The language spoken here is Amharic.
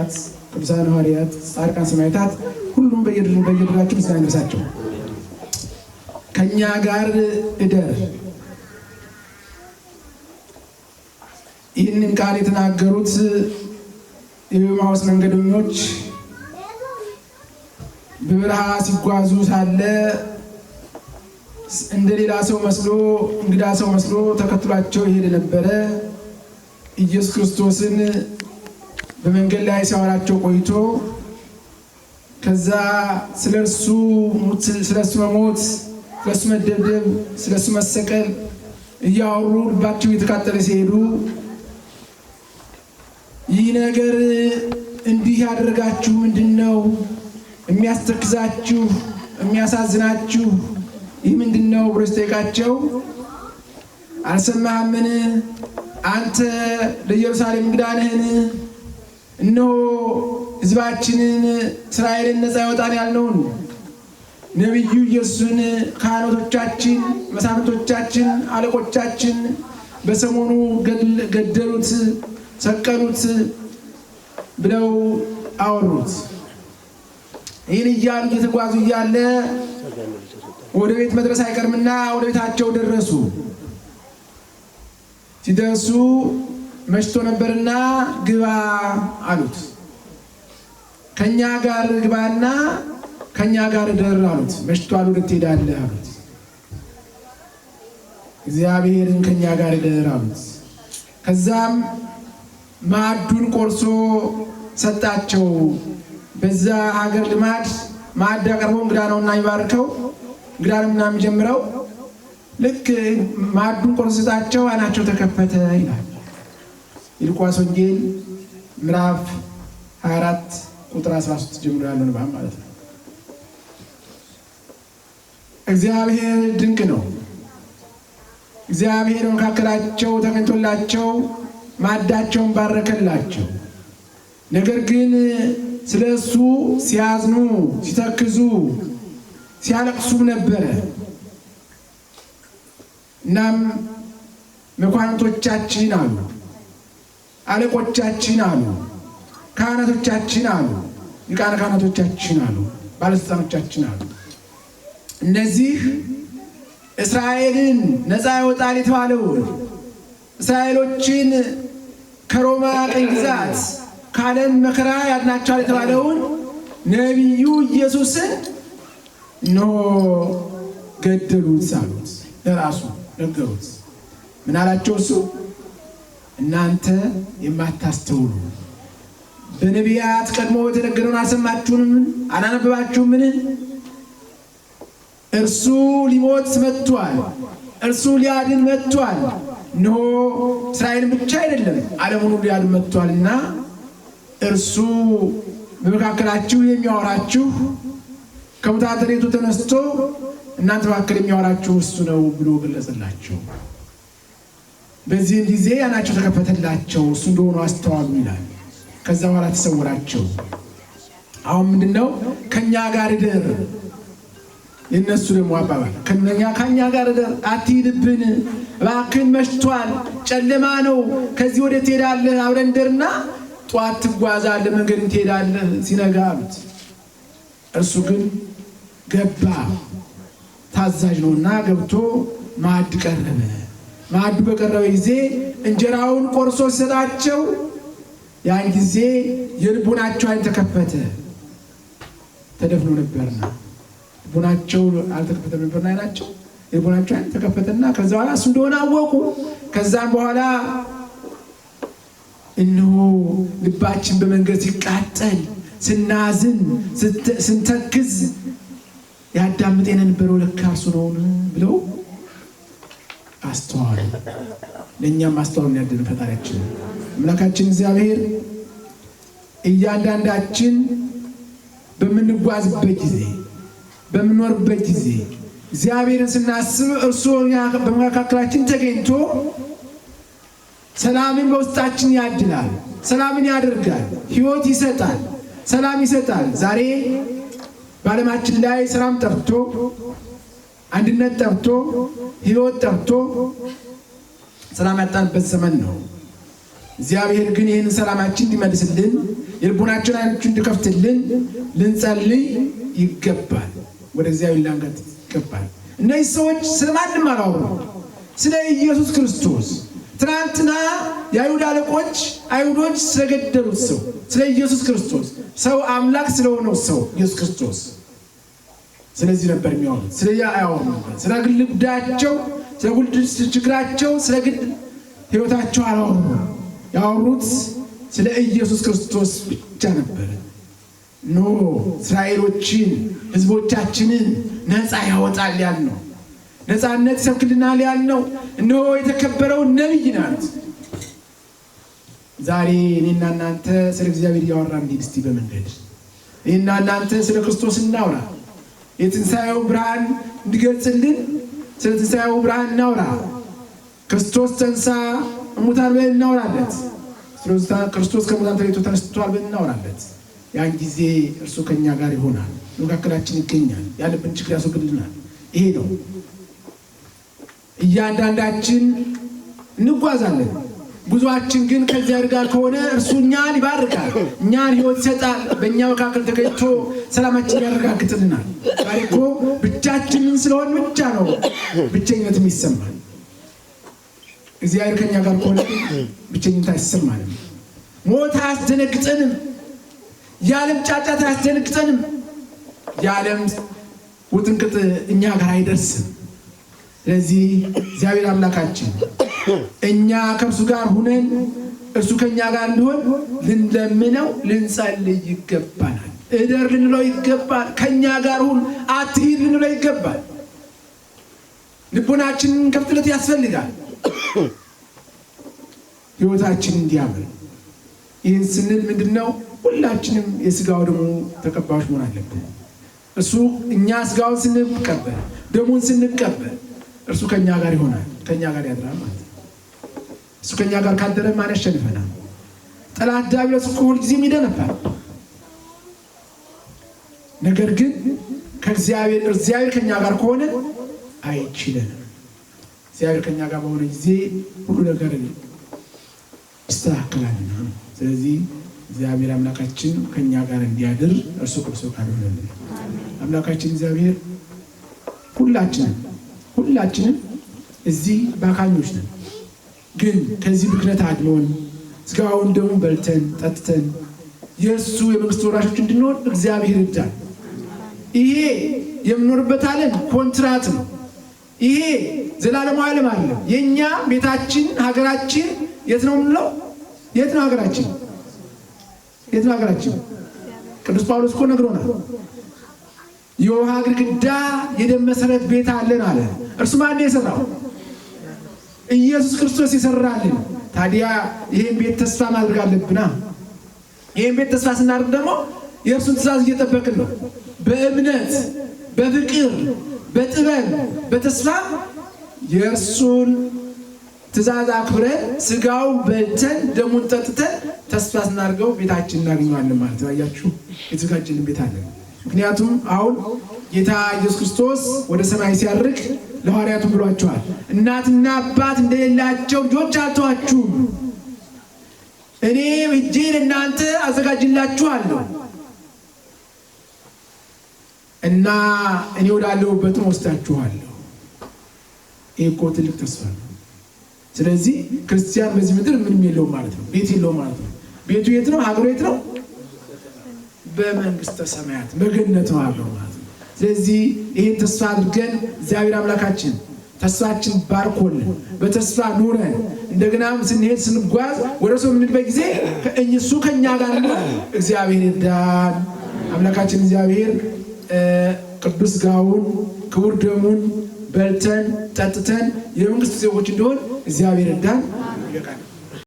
ሰማዕታት፣ ቅዱሳን ሐዋርያት፣ ጻድቃን፣ ሰማዕታት ሁሉም በየድር በየድራቸው ምስጋና ይድረሳቸው። ከእኛ ጋር እደር። ይህንን ቃል የተናገሩት የኤማሁስ መንገደኞች በበረሃ ሲጓዙ ሳለ እንደ ሌላ ሰው መስሎ እንግዳ ሰው መስሎ ተከትሏቸው ይሄድ ነበረ ኢየሱስ ክርስቶስን በመንገድ ላይ ሲያወራቸው ቆይቶ ከዛ ስለ እርሱ መሞት፣ ስለ እሱ መደብደብ፣ ስለ እሱ መሰቀል እያወሩ ልባቸው እየተቃጠለ ሲሄዱ ይህ ነገር እንዲህ ያደረጋችሁ ምንድን ነው? የሚያስተክዛችሁ የሚያሳዝናችሁ ይህ ምንድን ነው ብሎ ሲጠይቃቸው አልሰማህምን? አንተ ለኢየሩሳሌም እንግዳ ነህን? እነሆ ህዝባችንን እስራኤልን ነፃ ያወጣን ያለውን! ነቢዩ ኢየሱስን ካህናቶቻችን፣ መሳፍንቶቻችን፣ አለቆቻችን በሰሞኑ ገደሉት፣ ሰቀሉት ብለው አወሩት። ይህን እያሉ እየተጓዙ እያለ ወደ ቤት መድረስ አይቀርምና ወደ ቤታቸው ደረሱ። ሲደርሱ መሽቶ ነበርና ግባ አሉት። ከኛ ጋር ግባና ከኛ ጋር ደር አሉት። መሽቶ አሉ ትሄዳለህ አሉት። እግዚአብሔርን ከኛ ጋር ደር አሉት። ከዛም ማዕዱን ቆርሶ ሰጣቸው። በዛ ሀገር ልማድ ማዕድ አቅርቦ እንግዳ ነው እና የሚባርከው እንግዳ ነው እና የሚጀምረው ልክ ማዕዱን ቆርሶ ሰጣቸው፣ አይናቸው ተከፈተ ይላል። የሉቃስ ወንጌል ምዕራፍ 24 ቁጥር 13 ጀምሮ ያለው ንባብ ማለት ነው። እግዚአብሔር ድንቅ ነው። እግዚአብሔር በመካከላቸው ተገኝቶላቸው ማዕዳቸውን ባረከላቸው። ነገር ግን ስለ እሱ ሲያዝኑ፣ ሲተክዙ፣ ሲያለቅሱም ነበረ። እናም መኳንቶቻችን አሉ አለቆቻችን አሉ፣ ካህናቶቻችን አሉ፣ ሊቃነ ካህናቶቻችን አሉ፣ ባለስልጣኖቻችን አሉ። እነዚህ እስራኤልን ነፃ ይወጣል የተባለው እስራኤሎችን ከሮማ ቀኝ ግዛት ከዓለም መከራ ያድናቸዋል የተባለውን ነቢዩ ኢየሱስን ኖ ገደሉት አሉት። ለራሱ ነገሩት። ምን አላቸው እሱ እናንተ የማታስተውሉ በነቢያት ቀድሞ የተነገረውን አልሰማችሁምን? አላነበባችሁምን? እርሱ ሊሞት መጥቷል፣ እርሱ ሊያድን መጥቷል። እነሆ እስራኤልን ብቻ አይደለም ዓለሙን ሁሉ ሊያድን መጥቷልና እርሱ በመካከላችሁ የሚያወራችሁ ከሙታን ተነስቶ እናንተ መካከል የሚያወራችሁ እሱ ነው ብሎ ገለጸላቸው። በዚህም ጊዜ ዓይናቸው ተከፈተላቸው፣ እሱ እንደሆኑ አስተዋሉ ይላል። ከዛ በኋላ ተሰወራቸው። አሁን ምንድነው? ነው? ከእኛ ጋር እደር። የእነሱ ደግሞ አባባል ከእኛ ከእኛ ጋር እደር፣ አትሂድብን፣ እባክህን መሽቷል፣ ጨለማ ነው፣ ከዚህ ወደ ትሄዳለህ፣ አብረን እንደርና ጠዋት ትጓዛለህ፣ መንገድ ትሄዳለህ ሲነጋ አሉት። እርሱ ግን ገባ፣ ታዛዥ ነውና ገብቶ ማዕድ ቀረበ። ማዕዱ በቀረበ ጊዜ እንጀራውን ቆርሶ ሲሰጣቸው ያን ጊዜ የልቡናቸው አይን ተከፈተ። ተደፍኖ ነበርና ልቡናቸው አልተከፈተም ነበርና አይናቸው የልቡናቸው አይን ተከፈተና ከዛ በኋላ እሱ እንደሆነ አወቁ። ከዛም በኋላ እነሆ ልባችን በመንገድ ሲቃጠል፣ ስናዝን፣ ስንተክዝ ያዳምጤነ የነበረው ለካ እርሱ ነውን ብለው አስተዋሉ። ለእኛም አስተዋሉ ያደን ፈጣሪያችን አምላካችን እግዚአብሔር እያንዳንዳችን በምንጓዝበት ጊዜ በምኖርበት ጊዜ እግዚአብሔርን ስናስብ እርሱ በመካከላችን ተገኝቶ ሰላምን በውስጣችን ያድላል። ሰላምን ያደርጋል። ሕይወት ይሰጣል። ሰላም ይሰጣል። ዛሬ በዓለማችን ላይ ሰላም ጠፍቶ አንድነት ጠርቶ ህይወት ጠርቶ ሰላም ያጣንበት ዘመን ነው። እግዚአብሔር ግን ይህንን ሰላማችን እንዲመልስልን የልቡናችን አይኖቹ እንዲከፍትልን ልንጸልይ ይገባል። ወደ እግዚአብሔር ላንገት ይገባል። እነዚህ ሰዎች ማንም አላወሩ፣ ስለ ኢየሱስ ክርስቶስ ትናንትና የአይሁድ አለቆች አይሁዶች ስለገደሉት ሰው ስለ ኢየሱስ ክርስቶስ ሰው አምላክ ስለሆነው ሰው ኢየሱስ ክርስቶስ ስለዚህ ነበር የሚያወሩት። ስለ ያ አያወሩ ነበር። ስለ ግል ጉዳያቸው፣ ስለ ግል ችግራቸው፣ ስለ ግል ህይወታቸው አላወሩ። ያወሩት ስለ ኢየሱስ ክርስቶስ ብቻ ነበር። ኖ እስራኤሎችን ህዝቦቻችንን ነፃ ያወጣል ያል ነው። ነፃነት ይሰብክልናል ያል ነው። እነሆ የተከበረው ነቢይ ናት። ዛሬ እኔና እናንተ ስለ እግዚአብሔር እያወራ እንዴት እስቲ በመንገድ እኔና እናንተ ስለ ክርስቶስ እናውራ። የትንሣኤው ብርሃን እንዲገልጽልን ስለ ትንሣኤው ብርሃን እናውራ። ክርስቶስ ተንሳ እሙታን ብለን እናውራለት። ክርስቶስ ከሙታን ተለይቶ ተነስቷል ብለን እናውራለት። ያን ጊዜ እርሱ ከእኛ ጋር ይሆናል፣ መካከላችን ይገኛል፣ ያለብን ችግር ያስወግድልናል። ይሄ ነው እያንዳንዳችን እንጓዛለን። ጉዞአችን ግን ከእግዚአብሔር ጋር ከሆነ እርሱ እኛን ይባርካል፣ እኛን ህይወት ይሰጣል፣ በእኛ መካከል ተገኝቶ ሰላማችን ያረጋግጥልናል። ዛሬ እኮ ብቻችንን ስለሆን ብቻ ነው ብቸኝነት ይሰማል እግዚአብሔር ከኛ ጋር ከሆነ ብቸኝነት አይሰማንም። ሞት አያስደነግጠንም። የዓለም ጫጫት አያስደነግጠንም። የዓለም ውጥንቅጥ እኛ ጋር አይደርስም። ስለዚህ እግዚአብሔር አምላካችን እኛ ከእርሱ ጋር ሁነን እርሱ ከእኛ ጋር እንዲሆን ልንለምነው ልንጸልይ ይገባናል። እደር ልንለው ይገባል። ከእኛ ጋር ሁን፣ አትሂድ ልንለው ይገባል። ልቦናችንን ከፍትለት ያስፈልጋል። ህይወታችን እንዲያምር ይህን ስንል ምንድን ነው? ሁላችንም የስጋው ደግሞ ተቀባዮች መሆን አለብን። እሱ እኛ ስጋውን ስንቀበል ደሙን ስንቀበል እርሱ ከእኛ ጋር ይሆናል፣ ከእኛ ጋር ያድራል ማለት ነው። እሱ ከኛ ጋር ካደረ ማን ያሸንፈናል? ጠላት ዲያብሎስ እኮ ሁልጊዜም ይደነፋል። ነገር ግን ከእግዚአብሔር እግዚአብሔር ከኛ ጋር ከሆነ አይችለንም። እግዚአብሔር ከኛ ጋር በሆነ ጊዜ ሁሉ ነገር ይስተካከላልና። ስለዚህ እግዚአብሔር አምላካችን ከኛ ጋር እንዲያድር እርሱ ቅርሶ ካልሆነልን አምላካችን እግዚአብሔር ሁላችንም ሁላችንም እዚህ ባካኞች ነን። ግን ከዚህ ብክነት አድኖን ስጋውን ደሙ በልተን ጠጥተን የእሱ የመንግስት ወራሾች እንድንሆን እግዚአብሔር ይርዳል። ይሄ የምኖርበት ዓለም ኮንትራት ነው። ይሄ ዘላለማ ዓለም አለ። የእኛ ቤታችን ሀገራችን የት ነው የምንለው? የት ነው ሀገራችን? የት ነው ሀገራችን? ቅዱስ ጳውሎስ እኮ ነግሮናል። የውሃ ግድግዳ የደም መሰረት ቤት አለን አለ። እርሱ ማን የሰራው ኢየሱስ ክርስቶስ ይሰራልን። ታዲያ ይህን ቤት ተስፋ ማድረግ አለብና ይህን ቤት ተስፋ ስናደርግ ደግሞ የእርሱን ትእዛዝ እየጠበቅን ነው። በእምነት በፍቅር በጥበብ በተስፋ የእርሱን ትእዛዝ አክብረን ስጋው በልተን ደሙን ጠጥተን ተስፋ ስናደርገው ቤታችን እናገኘዋለን ማለት ነው። አያችሁ የተዘጋጀልን ቤት አለን። ምክንያቱም አሁን ጌታ ኢየሱስ ክርስቶስ ወደ ሰማይ ሲያርግ ለሐዋርያቱ ብሏቸዋል። እናትና አባት እንደሌላቸው ልጆች አልተዋችሁም፣ እኔ እናንተ ለእናንተ አዘጋጅላችኋለሁ እና እኔ ወዳለሁበትም ወስዳችኋለሁ። ይህ እኮ ትልቅ ተስፋ ነው። ስለዚህ ክርስቲያን በዚህ ምድር ምንም የለውም ማለት ነው። ቤት የለውም ማለት ነው። ቤቱ የት ነው? ሀገሩ የት ነው? በመንግስተ ሰማያት በገነት ነው አለው ማለት ስለዚህ ይህን ተስፋ አድርገን እግዚአብሔር አምላካችን ተስፋችን ባርኮልን በተስፋ ኑረን እንደገናም ስንሄድ ስንጓዝ ወደ ሰው የምንልበት ጊዜ እሱ ከእኛ ጋር እግዚአብሔር ይርዳን። አምላካችን እግዚአብሔር ቅዱስ ጋውን ክቡር ደሙን በልተን ጠጥተን የመንግስት ዜጎች እንደሆን እግዚአብሔር ይርዳን። ይበቃል።